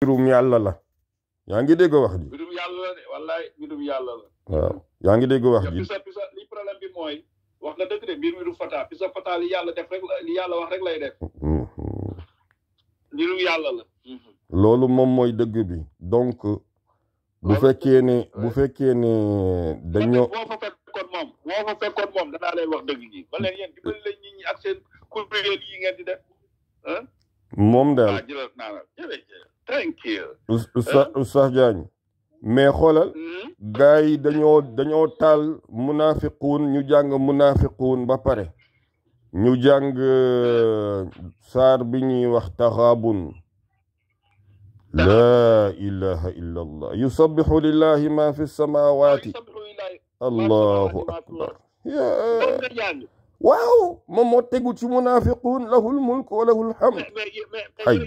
mbirum yàlla la yaa ngi dégg wax ji. mbirum yàlla la waaw yaa ngi dégg wax ji. pisa pisa li problème mooy wax nga dëgg de mbir mi du fata pisa fata li yàlla def rek li yàlla wax rek lay def. Mm-hmm. mbirum yàlla la. Mm-hmm. loolu moom mooy dëgg bi donc. bu fekkee ne bu fekkee ne dañoo. boo moom fa fekkoon moom danaa leen wax dëgg ji ba leen yéen dimbali leen nit ñi ak seen kuréel yi ngeen di def moom daal ah, thank you. Oustaz Diagne mais xoolal. Hmm? gars yi dañoo dañoo taal munaafiquun ñu jàng munaafiquun ba pare. ñu jàng hmm. euh, saar bi ñuy wax taxaabun. laa ilaha illa allah yusabbihu ma fi samaawaati. allahu akbar. waaw moom moo tegu ci munaafiquun lahul mulk wa lahul hamd ay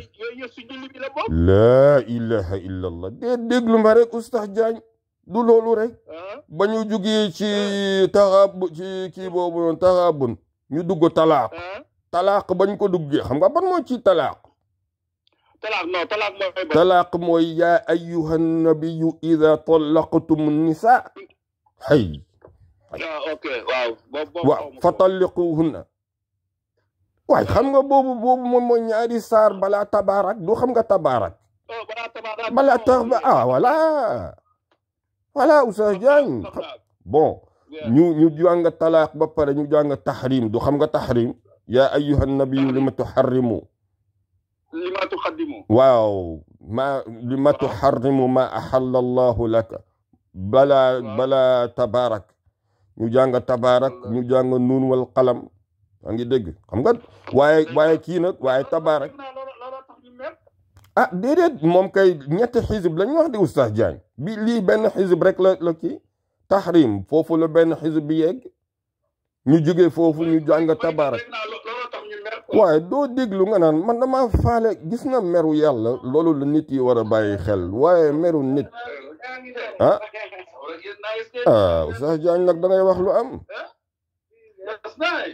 laa ilaha illa allah dee déglu ma rek ustaz Diagne du loolu rek ah. ba ñu jugee ci taxaab ci kii boobu noonu taxaabun ñu dugg talaaq ah. talaaq bañ ko duggee xam nga ban moo ci talaaq talaaq mooy yaa ayyuhan nabiyyu idaa tallaqtum nisaa hay Ah, ok waaw. waaw fa talliquhunna waaye xam nga boobu boobu moom mooy ñaari saar balaa tabaarak du xam nga tabaarak. Oh, balaa tabaarak ah voilà. voilà Oustaz Diagne bon ñu ñu jàng talaaq ba pare ñu jàng taxrim du xam nga taxrim. yaa ayyuha nabiyu lima tuxarrimu lima tuqaddimu waaw ma lima tuxarrimu ma axalla allahu laka balaa balaa tabaarak ñu jàng tabaarak ñu jàng nuun wal qalam maa ngi dégg xam nga waaye waaye kii nag waaye tabaarak ah déedéet moom kay ñetti xisib lañ wax di oustaz Diagne bi lii benn xisib rek la la kii taxrim foofu la benn xisib bi yegg ñu jóge foofu ñu jàng tabarak waaye doo déglu nga naan man dama faale gis na meru yàlla loolu la nit yi war a bàyyi xel waaye meru nit ah Ah, ah Oustaz Diagne nag da ngay wax lu am. Oustaz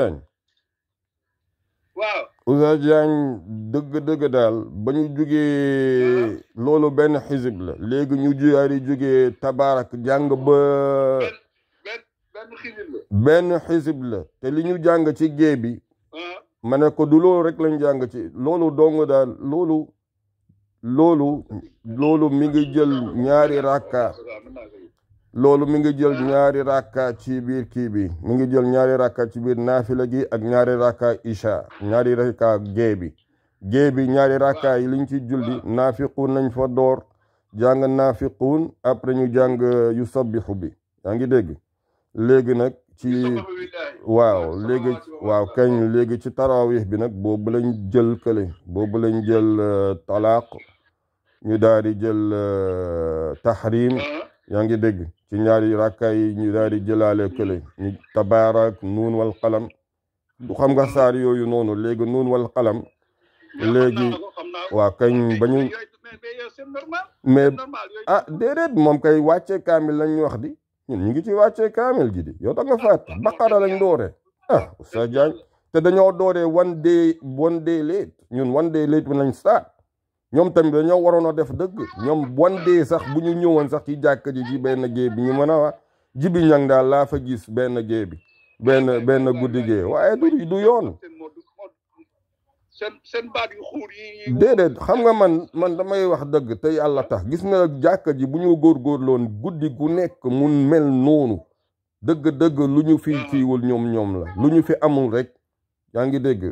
Diagne. waaw. Oustaz Diagne dëgg-dëgg daal ba ñu jugee loolu benn xisib la léegi ñu juyaari jugee tabarak jàng ba benn xisib la te li ñu jàng ci gée bi ma ne ko du loolu rek lañ jàng ci loolu dong daal loolu loolu loolu mi ngi jël ñaari rakka loolu mi ngi jël ñaari rakka ci biir kii bi mi ngi jël ñaari rakka ci biir naafila gi ak ñaari rakka isha ñaari rakka gée bi gée bi ñaari rakka yi liñ ci julli naafiquun nañ fa door jàng naafiquun après ñu jàng yu sabbixu bi yaa ngi dégg léegi nag ci waaw léegi waaw kañ léegi ci tarawih bi nag boobu lañ jël kële boobu lañ jël euh, talaaq ñu daal di jël euh, tahrim yaa ngi dégg ci ñaari rakka yi ñu daal di jëlaale kële ñu tabaarak nuun wal qalam du xam nga saar yooyu noonu léegi nuun wal qalam léegi waa kañ ba ñu mais ah déedéet moom kay wàcce kaamil lañ wax di ñun ñu ngi ci wàcce kaamil gi di yow da nga fàtte baqara lañ doore ah Oustaz Diagne te dañoo doore one day one day late ñun one day late bi lañ ñoom tamit dañoo waroon a def dëgg ñoom wandee sax bu ñu ñëwoon sax ci jàkka ji ci benn géey bi ñu mën a wax jibi ñang daal laa fa gis benn géey bi benn benn guddi géey waaye du du yoon déedéet xam nga man man damay wax dëgg te yàlla tax gis nga jàkka ji bu ñu góor góorloon guddi gu nekk mu mel noonu dëgg-dëgg lu ñu fi fiiwul ñoom ñoom la lu ñu fi amul rek yaa ngi dégg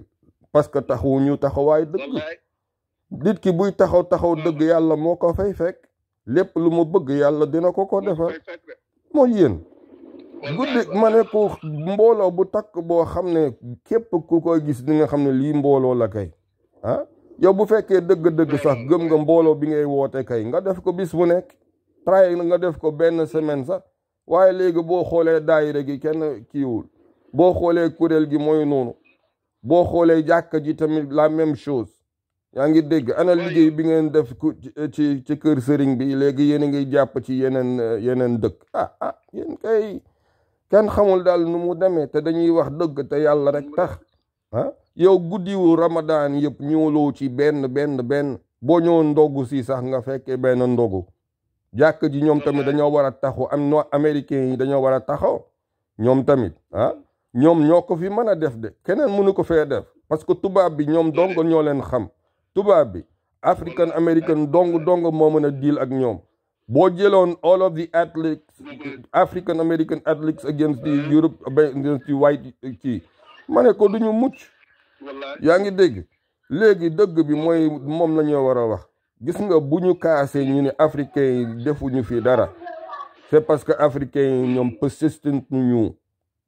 parce que taxu ñu waaye dëgg dit ki buy taxaw taxaw mm-hmm. dëgg yàlla moo ko fay fekk lépp lu mu bëgg yàlla dina ko ko defar mooy yéen guddi ma ne ko mbooloo bu takk boo xam ne képp ku ko gis di nga xam ne lii mbooloo la kay ah yow bu fekkee dëgg-dëgg sax gëm nga mbooloo bi ngay woote kay nga def ko bis bu nekk tray nga def ko benn semaine sax waaye léegi boo xoolee daayira gi kenn kiiwul boo xoolee kuréel gi mooy noonu boo xoolee jàkka ji tamit la même chose yaa ngi dégg ana liggéey bi ngeen def ci ci kër sëriñ bi léegi yéen a ngi jàpp ci yeneen yeneen dëkk ah ah yéen kay kenn xamul daal nu mu demee te dañuy wax dëgg te yàlla rek tax ah yow guddiwu ramadaan yëpp ñëwloo ci benn benn benn boo ñëwoon ndogu si sax nga fekkee benn ndogu jàkk ji ñoom tamit dañoo war a taxu am no américains yi dañoo war a taxaw ñoom tamit ah ñoom ñoo ko fi mën a def de keneen mënu ko fee def parce que tubaab bi ñoom dong ñoo leen xam tubaab bi african american dong dong moo mën a deal ak ñoom boo jëloon all of the athletes african american athletes against the Europe against the white kii ma ko duñu mucc yaa ngi dégg léegi dëgg bi mooy moom la war a wax gis nga bu ñu kaasee ñu ni africain yi defuñu fii dara c'est parce que africain yi ñoom persistent ñu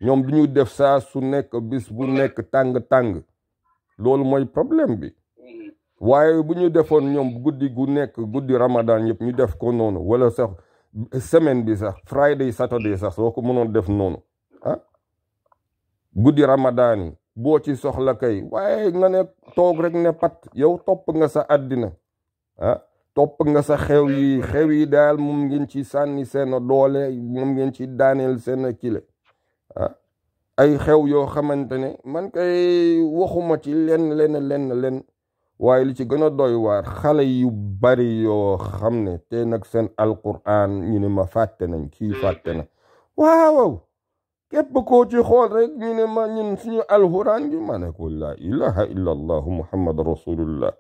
ñoom du def saa su nekk bis bu nekk tàng-tàng loolu mooy problème bi waaye bu ñu defoon ñoom guddi gu nekk guddi ramadan yëpp ñu def ko noonu wala sax semaine bi sax friday saturday sax soo ko mënoon def noonu ah. guddi ramadan boo ci soxla kay waaye nga ne toog rek ne pat yow topp nga sax àddina ah topp nga sax xew yi xew yi daal moom ngeen ci sànni seen doole moom ngeen ci daaneel seen kile ah. ay xew yoo xamante ne man kay waxuma ci lenn lenn lenn lenn waaye li ci gën a doy waar xale yu bari yoo xam ne te nag seen alquran ñu ne ma fàtte nañ kii fàtte na waaw képp koo ci xool rek ñu ne ma ñun suñu alquran gi ma ne ko la ilaha illa allahu muhammad rasulullah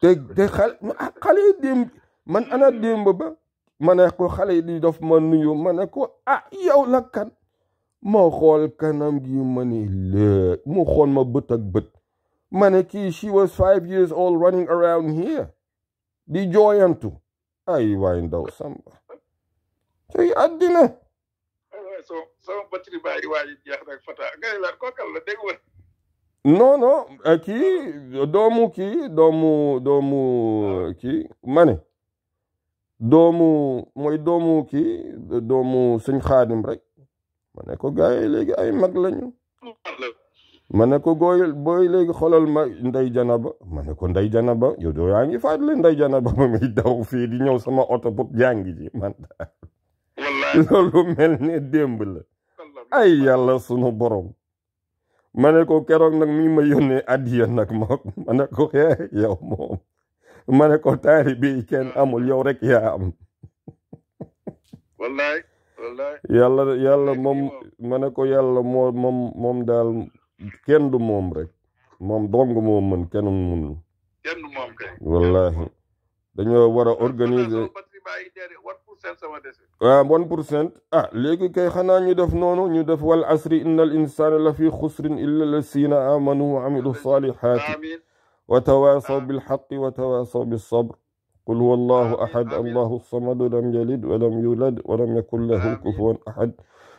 te te démb ba ma ne ko xale yi di def ma nuyu ma ne ko ah yow la kan ma xool kanam gi ma ne lée mu xool ma bët ak bët maneki she was five years old running around here di jooyantu ay waay ndaw samba tey àddina so sama batiri bàyyi la dégg eh, doomu kii doomu doomu kii ma ne doomu mooy doomu kii doomu sëñ xaadim rek ma ko gars yi léegi ay mag lañu ma ne ko gooy booy léegi xoolal ma ndey janaba ma ne ko ndey ba yow doo yaa ngi fàttali ndey janaba ba muy daw fii di ñëw sama oto pour jàngi ji man loolu mel ni démb la ay yàlla sunu borom ma ne ko keroog nag mi ma yónnee addiya nag ma ma ne ko xee eh, yow moom ma ne ko taari bi kenn amul yow rek yaa am wallaay wallaay yàlla yàlla moom ma ko yàlla moom moom daal kenn du moom rek moom dong moo mën kenn mënul kenn du moom kay wallaahi dañoo war a organiser ah one pour cent ah léegi kay xanaa ñu def noonu ñu def wal asri inna al insana la fi xusrin illa lasina amanu wa amilu salihaati wa tawaasaw bilxaqi wa tawaasaw bilsabr qul huwa allahu ahad allahu samad lam yalid wa lam yulad wa lam yakun lahu kufuwan ahad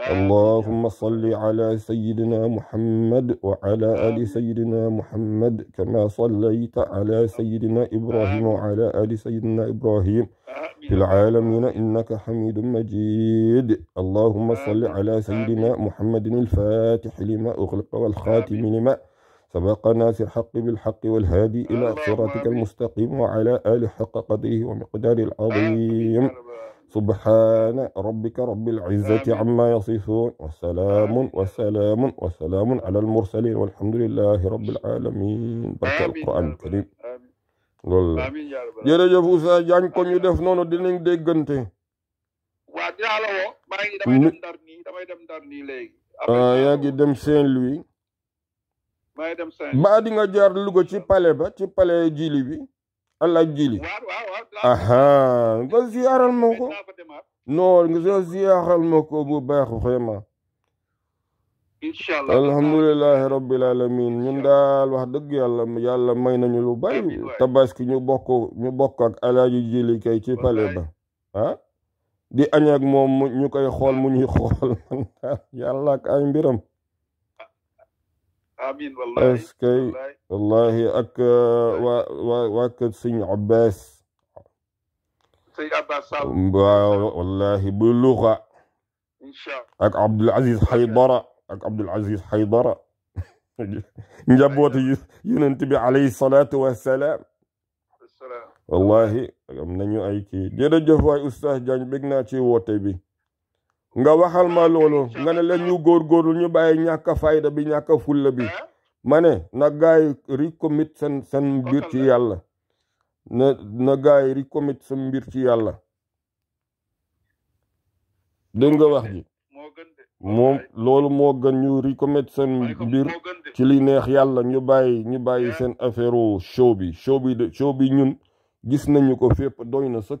اللهم صل على سيدنا محمد وعلى آل سيدنا محمد كما صليت على سيدنا إبراهيم وعلى آل سيدنا إبراهيم في العالمين إنك حميد مجيد اللهم صل على سيدنا محمد الفاتح لما أغلق والخاتم لما سبق ناصر الحق بالحق والهادي إلى صراطك المستقيم وعلى آل حق قدره ومقداره العظيم subhaana rabbika rabbil izzati amma yasifuun wa salaamun wa salaamun wa salaamun alal mursaliin walhamdulillahi rabbil aalamiin barke alquraan alkarim loolu la jërëjëf Oustaz ko ñu def noonu dinañ déggante waa dinaa la dem Ndar nii damay dem Ndar ah, ci palais ci palais jili allah jili aha nga ziyaaral ma ko non nga ziyaaral ma ko bu baax vraiment alhamdulilahi rabbil alamin ñun daal wax dëgg yàlla yàlla may nañu lu bari tabaski ñu bokk ñu bokk ak alaaji jili kay ci pale ba ah? di añ ak moom ñu koy xool mu ñuy xool yàlla ak ay mbiram amiin wallahi est-ce ak waa waa waa kër sëñ Abbas sëñ Abbas Sall waaw wallahi bu luuxa ak Abdul Aziz ak am nañu ay kii jërëjëf waay Oustaz Diagne bég naa ci woote bi nga waxal ma loolu nga ne leen ñu góorgóorlu ñu bàyyi ñàkk fayda bi ñàkk fulla bi ma ne na gaay recommit seen mbir ci yàlla na gaay recommit seen mbir ci yàlla dégg nga wax ji moom loolu moo gën ñu recommit seen mbir ci li neex yàlla ñu bàyyi ñu bàyyi seen affaire o show bi show bi ñun gis nañu ko fépp doy na sëkk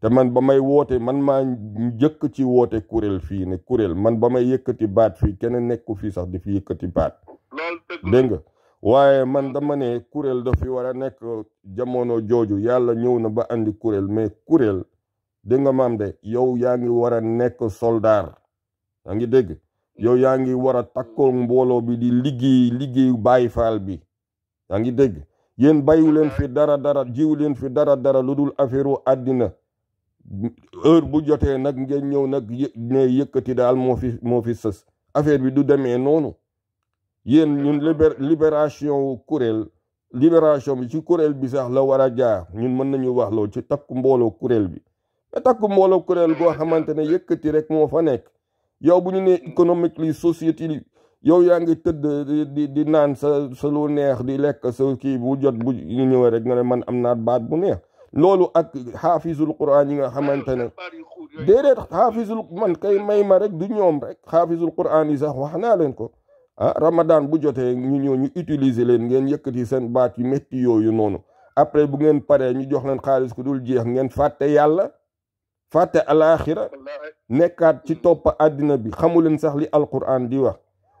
te man ba may woote man maa njëkk ci woote kuréel fii ne kuréel man ba may yëkkati baat fii kenn nekku fii sax di fi yëkkati baat dégg nga waaye man dama ne kuréel da fi war a nekk jamono jooju yàlla ñëw na ba andi kuréel mais kuréel dégg maam de yow yaa ngi war a nekk soldaar yaa ngi dégg yow yaa ngi war a takkoo mbooloo bi di liggéey liggéey Baay Faal bi yaa ngi dégg yéen bàyyiwu leen fi dara dara jiw leen fi dara dara lu dul affaire àddina heure bu jotee nag ngeen ñëw nag ne daal moo fi moo fi sës affaire bi du demee noonu yéen ñun libération wu kuréel libération bi ci kuréel bi sax la war a jaar ñun mën nañu wax loolu ci takk mbooloo kuréel bi te takku mbooloo kuréel goo xamante ne yëkkati rek moo fa nekk yow bu ñu nee économique li société li yow yaa ngi tëdd di di naan sa sa lu neex di lekk sa kii bu jot bu ñu ñëwee rek na ne man am naa baat bu neex loolu ak xaafizul quraan yi nga xamante ne déedéet xaafizul man kay may ma rek du ñoom rek xaafizul quraan yi sax wax naa leen ko ah ramadan bu jotee ñu ñëw ñu utiliser leen ngeen yëkkati seen baat yu métti yooyu noonu après bu ngeen paree ñu jox leen xaalis ku dul jeex ngeen fàtte yàlla fàtte alaaxira nekkaat ci topp àddina bi xamu leen sax li alquran di wax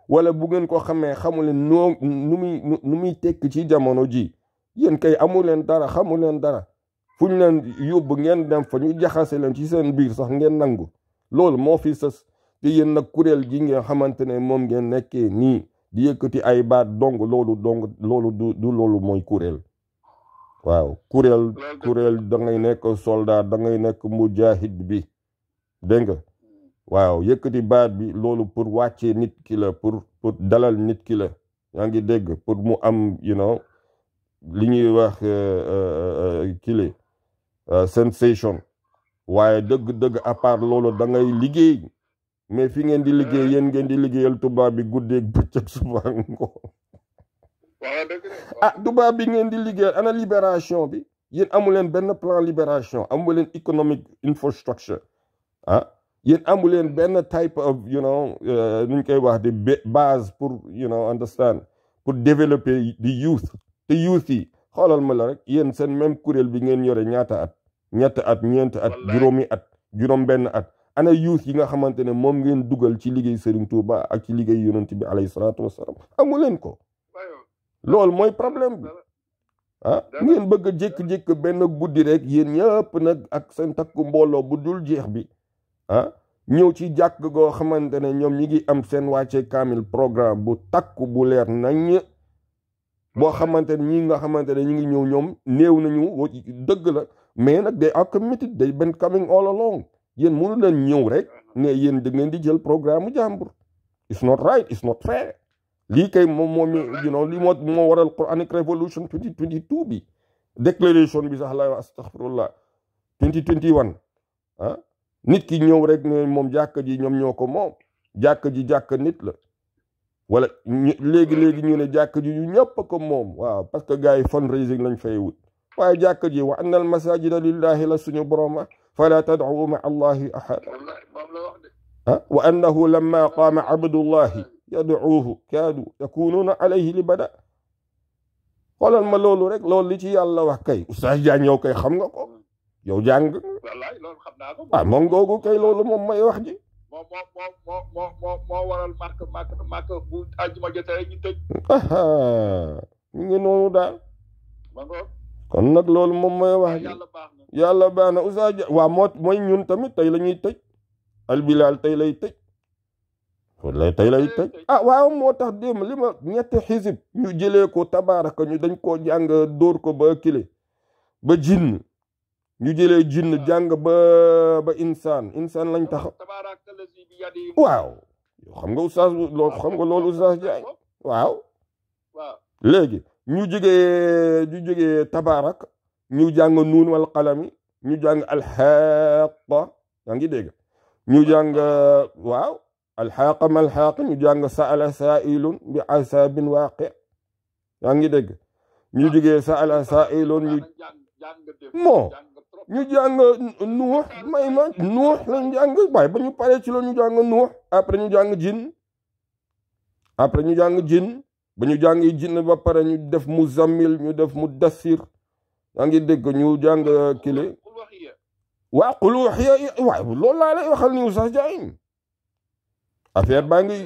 wala bu ngeen ko xamee xamuleen noo nu muy nu muy tekki ci jamono ji yéen kay leen dara xamu leen dara fuñ leen yóbbu ngeen dem fa ñu jaxase leen ci seen biir sax ngeen nangu loolu moo fi sës te yéen nag kuréel gi ngeen xamante ne moom ngeen nekkee nii di yëkkati ay baat dong loolu dong loolu du loolu mooy kuréel waaw kuréel kuréel da nekk soldaar da ngay nekk mujahid bi dégg nga waaw yëkkati baat bi loolu pour wàccee nit ki la pour pour dalal nit ki la yaa ngi dégg pour mu am you li ñuy wax euh, euh, euh, kile Euh, sensation waaye dëgg-dëgg à part loolu da ngay liggéey mais fi ngeen di liggéey yéen ngeen di liggéeyal tubaab bi guddee bëccëg suba ngoon ah tubaab bi ngeen di liggéeyal ana libération bi yéen amu leen benn plan libération amuleen leen economic infrastructure ah yéen amu leen benn type of you know euh, nu ñu koy wax di base pour you know understand pour développer the youth te youth yi xoolal ma la rek yéen seen même kuréel bi ngeen yore ñaata at. ñett at ñeent at juróomi at juróom benn at ana yuus yi nga xamante ne moom ngeen dugal ci liggéey Serigne Touba ak ci liggéey yonent bi alayhi salaatu wasalaam amu leen ko loolu mooy problème bi ah ngeen bëgg a jékki-jékki benn guddi rek yéen ñëpp nag ak seen takku mbooloo bu dul jeex bi ah ñëw ci jàkk goo xamante ne ñoom ñi ngi am seen wàcce kaamil programme bu takk bu leer nañ moo xamante ne ñii nga xamante ne ñu ngi ñëw ñoom néew nañu dëgg la mais nag day ak committed day been coming all along yéen mënu leen ñëw rek ne yéen da ngeen di jël programme mu jàmbur it's not right it's not fair lii kay moom moom you know lii moo moo waral Quranic Revolution 2022 bi déclaration bi sax la astaghfirullah 2021 ah nit ki ñëw rek moom jàkka ji ñoom ñoo ko moom jàkka ji jàkka nit la wala léegi léegi ñu ne jàkk ji ñu ñëpp ko moom waaw parce que gars yi fundraising lañ fay wut waaye jàkk ji wa anna al masajida lillahi la suñu borooma ah. fala tad'u ma allahi ahada ah wa annahu lamma qaama abdullahi yad'uuhu kaadu yakunuuna alayhi libada xoolal ma loolu rek loolu li ci yàlla wax kay oustaz Diagne yow kay xam nga ko yow jàng ah moom googu kay loolu moom may wax ji moom moo moo moo moo moo moo waral nag loolu moom mooy wax. yàlla baax na Oustaz Dia mooy ñun tamit tey la ñuy tëj. albilal tey lay tëj. wallay tey lay tëj ah, moo tax démb lima ma ñetti xisib. ñu jëlee ko tabaaraka ñu dañ koo jàng dóor ko ba kile ba jinn ñu jëlee jinn ah. jàng ba ba insaan insaan lañ tax ah, waaw xam nga oustaz ah, loolu xam nga loolu oustaz jaay waaw léegi ñu jógee ñu jógee tabaarak ñu jàng nuun wal qalami ñu jàng alxaaqa yaa ngi dégg ñu jàng waaw alxaaqa ñu jàng saala saailun bi asaabin waaqi ngi dégg ñu jógee saala saailun ñu moo ñu jàng nuux may ma nuux lañu jàng waaye ba ñu paree ci la ñu jàng nuux après ñu jàng jin après ñu jàng jin ba ñu jàng jin ba pare ñu def mu zammil ñu def mu dassir yaa ngi dégg ñu jàng kile waa qul uhiya waaye loolu laa lay waxal ni Oustaz Diagne affaire baa ngi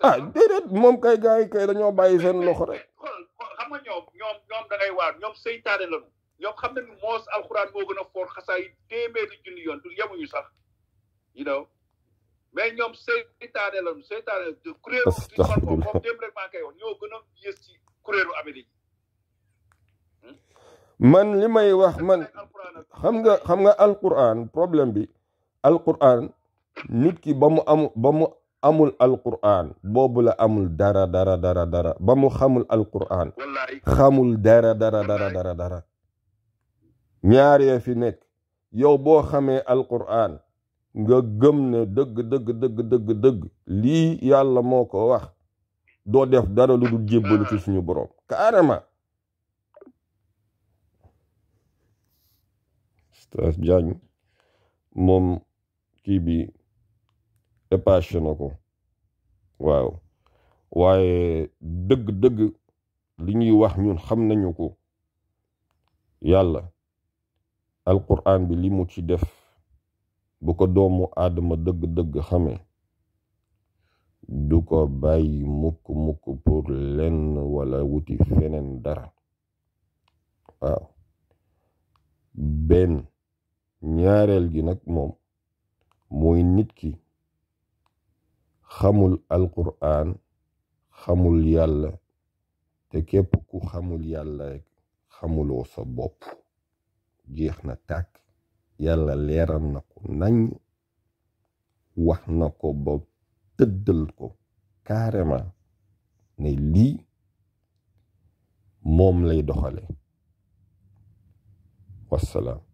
ah déedéet moom kay gars yi kay dañoo bàyyi seen loxo rek xam nga ñoom da ngay waar ñoom seytaane ñoom xam nañu moos alxuraan sax you ñoom seytaane la hmm? man li may wax man xam nga xam nga alquran problème bi alquran nit ki ba mu am ba mu amul alquran boobu la amul dara dara dara dara ba mu xamul alquran xamul dara dara dara dara dara ñaar ñaaree fi nekk yow boo xamee alquraan nga gëm ne dëgg dëgg dëgg dëgg lii yàlla moo ko wax doo def dara lu dul jébbalu ci suñu boroom carrément stas jaañ moom kii bi dépassé na ko waaw waaye dëgg-dëgg li ñuy wax ñun xam nañu ko yàlla alquran bi li mu ci def bu ko doomu aadama dëgg-dëgg xamee du ko bàyyi mukk-mukk pour lenn wala wuti feneen dara waaw ñaareel gi nag moom mooy nit ki xamul alquran xamul yàlla te képp ku xamul yàlla rek xamuloo sa bopp jeex na tàkk yàlla leeral na ko nañ wax na ko ba tëddal ko carrément ne lii moom lay doxale wassalaam